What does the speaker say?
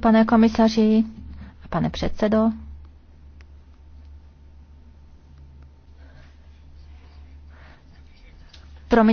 Pane komisaři, a pane předsedo,